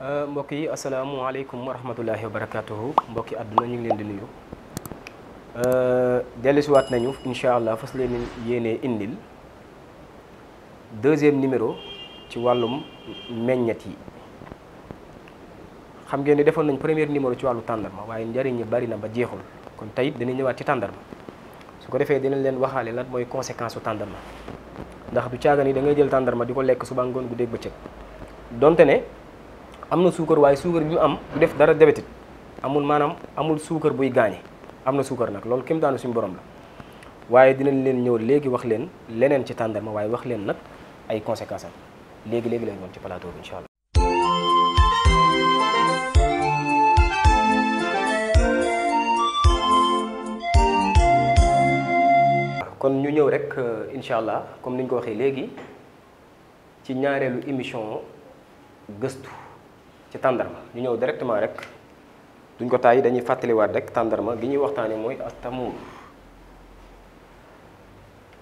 Euh, mbokk yi asalaamualeykum wa rahmatullahi wa barakatuhu mbokki àdduna ñu ngi leen di nuyu euh, dellusiwaat nañu incha allah fas leen yéenee indil deuxième numéro ci wàllum meññet yi xam ngeen ni defoon nañ premier numéro ci wàllu tàndarma waaye njëriñ ñi bari na ba jeexul kon tey it ñëwaat ci tàndarma su ko defee dinañ leen waxaale lan mooy conséquence su tàndarma ndax du caaga ni da ngay jël tàndarma di ko lekk suba ngoon guddeeg bëccëg donte ne. am na suukar waaye suukar bi mu am du def dara diabète amul maanaam amul suukar buy gaañe am na suukar nag loolu kéemtaanu suñu borom la waaye dinañ leen ñëw léegi wax leen leneen ci tàndarma waaye wax leen nag ay conséquences am léegi léegi lay doon ci plateau bi allah. kon ñu ñëw rek euh, incha allah comme ni ñu ko waxee léegi ci ñaareelu émission gëstu. ci tàndarma ñu ñëw directement rek duñ ko tàyyi dañuy fàttaliwaat rek tàndarma gi ñuy waxtaanee mooy ak tamuur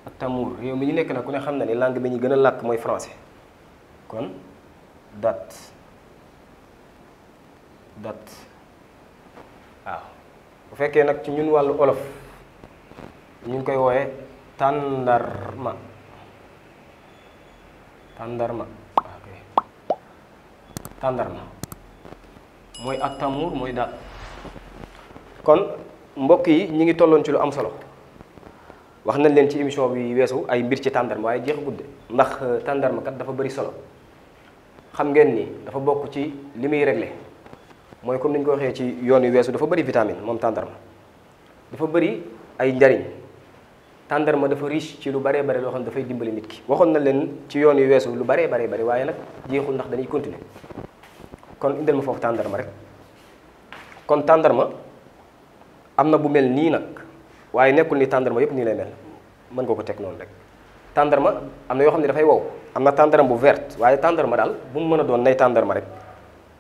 ak réew mi ñu nekk nag ku ne xam na ni langue bi ñu gën a làkk mooy français kon date date waaw bu fekkee nag ci ñun wàllu olof ñu ngi koy wooyee tàndarma tàndarma ok tàndarma mooy ak tamuur mooy daal kon mbokk yi ñu ngi tolloon ci lu am solo wax nañ leen ci émission bi weesu ay mbir ci tàndarma waaye jeex gudde ndax euh, tàndarma kat dafa bëri solo xam ngeen ni dafa bokk ci li muy regle mooy comme ni ñu ko waxee ci yoon yu weesu dafa bëri vitamine moom tàndarma dafa bëri ay njariñ tàndarma dafa riche ci lu baree bare loo xam ne dafay dimbali nit ki waxoon na leen ci yoon yu weesu lu baree baree bëri waaye nag jeexul ndax dañuy continuer kon indil ma foofu tàndarma rek kon tàndarma am na bu mel nii nag waaye nekkul ni tàndarma yëpp nii lay mel mën nga ko teg noonu rek tàndarma am na yoo xam ne dafay wow am na tàndarma bu verte waaye tàndarma daal bu mu mën a doon nay tàndarma rek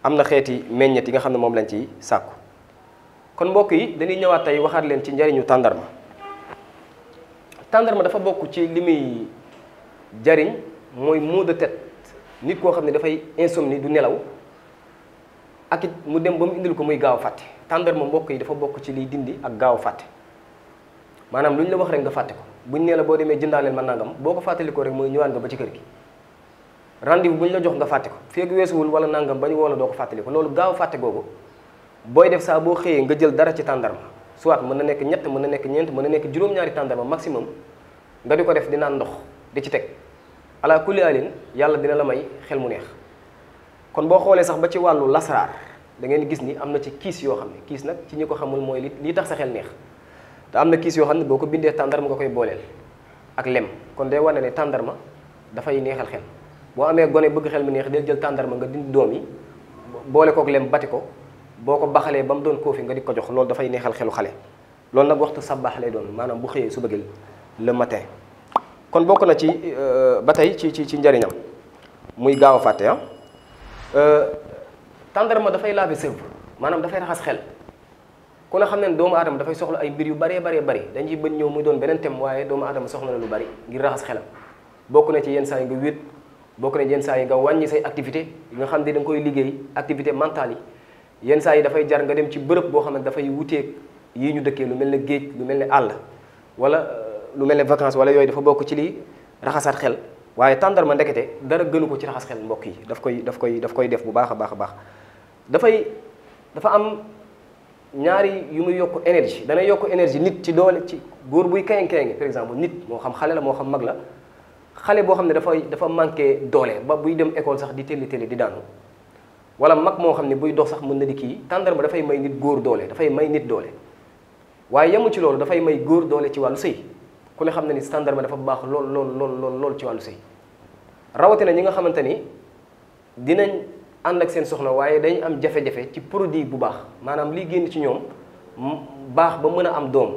am na xeeti meññet yi nga xam ne moom lañ ciy sàkku kon mbokk yi dañuy ñëwaat tey waxaat leen ci njariñu tàndarma tàndarma dafa bokk ci li muy jariñ mooy maux de tête nit koo xam ne dafay insomnie du nelaw ak it mu dem ba mu indil ko muy gaaw fàtte tàndarma mbokk yi dafa bokk ci liy dindi ak gaaw fàtte maanaam lu ñu la wax rek nga fàtte ko bu ñu nee la boo demee jëndaaleel ma nangam boo ko fàttalikoo rek mooy ñëwaat nga ba ci kër gi rendez-vous bu ñu la jox nga fàtte ko feeg weesuwul wala nangam ba ñu woo la doo ko fàttaliko loolu gaaw fàtte googu booy def saa boo xëyee nga jël dara ci tàndarma soit mën na nekk ñett mën na nekk ñeent mën na nekk juróom-ñaari tàndarma maximum nga di ko def di ndox di ci teg ala kulli alin yàlla dina la may xel mu neex kon boo xoolee sax ba ci wàllu lasraar da gis ni am na ci kiis yoo xam ne kiis nag ci ñi ko xamul mooy li lii tax sa xel neex te am na kiis yoo xam ne boo ko bindee tàndarma nga koy booleel ak lem kon day wane ne tàndarma dafay neexal xel boo amee gone bëgg xel mu neex del jël tàndarma nga dindi doom yi boole kook lem bati ko boo ko baxalee ba mu doon koofi nga di ko jox loolu dafay neexal xelu xale loolu nag waxtu sabbaax lay doon maanaam b xëyee su bëggee le matin kon bokk na ci euh, ba tey ci ci ci njëriñam muy gaaw fàtte ah. Euh, tàndarma dafay laver cerveau maanaam dafay raxas xel ku ne xam ne doomu aadama dafay soxla ay mbir yu bëree bëree bëri dañuy bëgg ñëw muy doon beneen thème waaye doomu aadama soxla lu bëri ngir raxas xelam bokk na ci yenn saa yi nga wéet bokk na ci yenn saa yi nga wàññi say activité nga xam ne da nga koy liggéey activité mentale yi yenn saa yi dafay jar nga dem ci bërëb boo xam ne dafay wuteeg yii ñu dëkkee lu mel ne géej lu mel ne àll wala euh, lu mel ne vacances wala yooyu dafa bokk ci lii raxasaat xel waaye tàndarma ndekete dara gënu ko ci raxas xel mbokk yi daf koy daf koy daf koy def bu baax a baax a baax dafay dafa am ñaari yu muy yokk énergie dana yokk énergie nit ci doole ci góor buy kayang kayang par exemple nit moo xam xale la moo xam mag la xale boo xam ne dafay dafa manqué doole ba buy dem école sax di télé télé di daanu wala mag moo xam ne buy dox sax mën na di kii tàndarma dafay may nit góor doole dafay may nit doole waaye yamu ci loolu dafay may góor doole ci wàllu sëy ku xam ne ni standard dafa baax lool lool lool lool lool ci wàllu sëy rawatina ñi nga xamante ni dinañ ànd ak seen soxna waaye dañ am jafe-jafe ci produit bu baax maanaam liy génn ci ñoom baax ba mën a am doom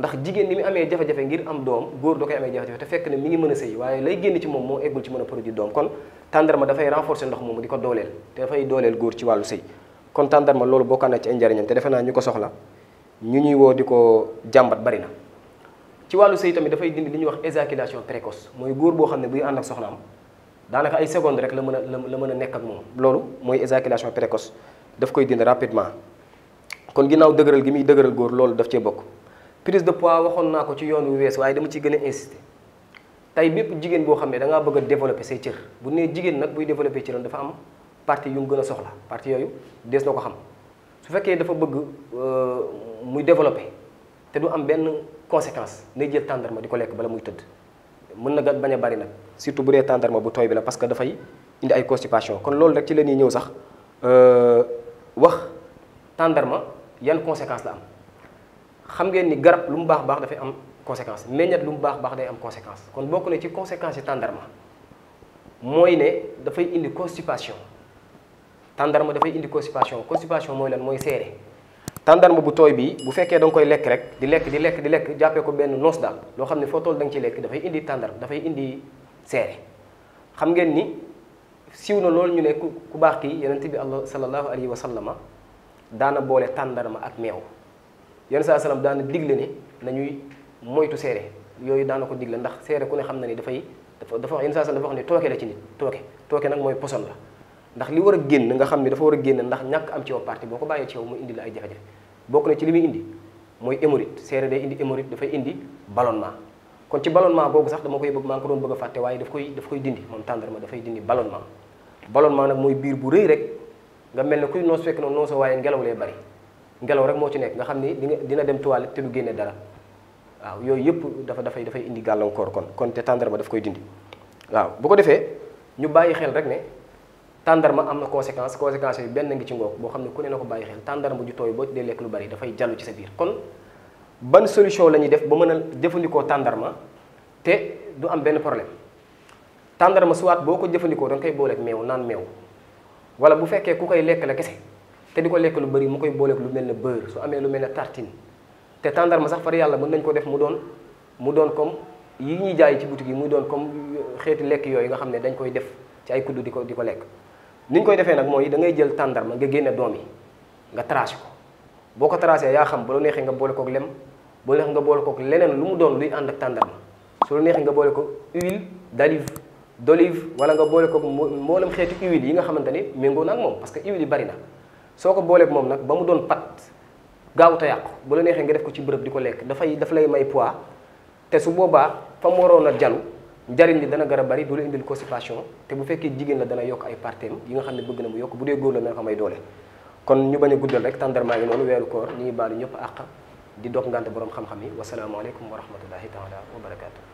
ndax jigéen ni mu amee jafe-jafe ngir am doom góor da koy amee jafe-jafe te fekk ne mi ngi mën a sëy waaye lay génn ci moom moo eggul ci mën a produit doom kon tàndarma dafay renforcer ndox moomu di ko dooleel te dafay dooleel góor ci wàllu sëy kon tàndarma loolu bokkaan na ci ay te defe naa ñu ko soxla ñu ñuy woo di ko jàmbat bari na ci wàllu sëy tamit dafay dind li ñuy wax éjaculation précoce mooy góor boo xam ne buy ànd ak soxnaam daanaka ay seconde rek la mën a la mën a nekk ak moom loolu mooy éjaculation précoce daf koy dind rapidement kon ginnaaw dëgëral gi muy dëgëral góor loolu daf cee bokk prise de poids waxoon naa ko ci yoon wu wees waaye dama ciy gën a insister tey bépp jigéen boo xam ne da bëgg a développer say cër bu nee jigéen nag buy développer cëram dafa am partie yu gën a soxla partie yooyu dees na ko xam su fekkee dafa bëgg euh, muy développer te du am benn conséquence nay jël tàndarma di ko lekk bala muy tëdd mën na bañ a bari nag surtout bu dee tàndarma bu tooy bi la parce que dafay indi ay constipation kon loolu rek ci la ñuy ñëw sax euh, wax tàndarma yan conséquence la am xam ngeen ni garab lu mu baax baax dafay am conséquence meññat lu mu baax baax day am conséquence kon bokk na ci conséquence yi tàndarma mooy ne dafay indi constipation tàndarma dafay indi constipation constipation mooy lan mooy seere tàndarma bu tooy bii bu fekkee danga koy lekk rek di lekk di lekk di lekk jàppee ko benn noos daal loo xam ne foo toll da nga ciy lekk dafay indi tàndarma dafay indi seere xam ngeen ni siw na lool ñu ne ku ku baax kii yonent bi allah sallallahu alayhi wa sallama daana boole tàndarma ak meew yonent saa sallam daana digle ne nañuy moytu seere yooyu daana ko digle ndax seere ku ne xam na ni dafay dafa dafa yonent saa sallam dafa wax ne tooke la ci nit tooke tooke nag mooy poson la ndax li war a génn nga xam ne dafa war a génn ndax ñàkk am ci yow parti boo ko bàyyee ci yow mu indi la ay jafe-jafe bokk na ci li muy indi mooy hémorroïde seere day indi hémorroïde dafay indi ballonnement kon ci ballonnement boobu sax dama koy bëgg maa ko doon bëgg a fàtte waaye daf koy daf koy dindi moom tàndarma dafay dindi ballonnement ballonnement nag mooy biir bu rëy rek nga mel ne kuy noos fekk noonu noosoo waaye ngelaw lay ngelaw rek moo ci nekk nga xam ni dina dem toilette te du génne dara waaw yooyu yëpp dafa dafay dafay indi gàllankoor kon kon te tàndarma daf koy dindi waaw bu ko defee ñu bàyyi xel rek ne tàndarma am na conséquence conséquence yi benn ngi ci ngoog boo xam ne ku ne na ko bàyyi xel tàndarma ju tooy boo dee lekk lu bari dafay jàllu ci sa biir kon ban solution la ñuy def ba mën a jëfandikoo tàndarma te du am benn problème tàndarma soit boo ko jëfandikoo da nga koy booleeg meew naan meew wala bu fekkee ku koy lekk la kese ko lekk lu bari mu koy booleeg lu mel ne beurre su amee lu mel ne tartine te tàndarma sax far yàlla mën nañ ko def mu doon mu doon comme yi ñuy jaay ci boutique yi muy doon comme xeeti lekk yooyu nga xam ne dañ koy def ci ay kuddu di ko di ko lekk ni ñu koy defee nag mooy da ngay jël tàndarma nga génne doom yi nga tracé ko boo ko tracé yaa xam bu la neexee nga boole kook lem bu la nga boole kook leneen lu mu doon luy ànd ak tàndarma su nga boole ko huile d'olive d'olive wala nga boole kook mboolem xeeti huile yi nga xamante ni méngoo na ak moom parce que huile yi bari na soo ko booleeg moom nag ba mu doon pat gaaw a yàqu bu la neexee nga def ko ci bërëb di ko lekk dafay daf lay may poids te su boobaa fa mu waroon a jalu njariñ li dana gën a bari du la indil constipation te bu fekkee jigéen la dana yokk ay parteem yi nga xam ne bëgg na mu yokk bu dee góor la dana ko may doole kon ñu bañ a guddal rek tàndarmaa ngi noonu weeru koor ñu ngi baalu ñëpp àq di dog ngante boroom xam-xam yi wasalaamaaleykum wa rahmatullahi taala wa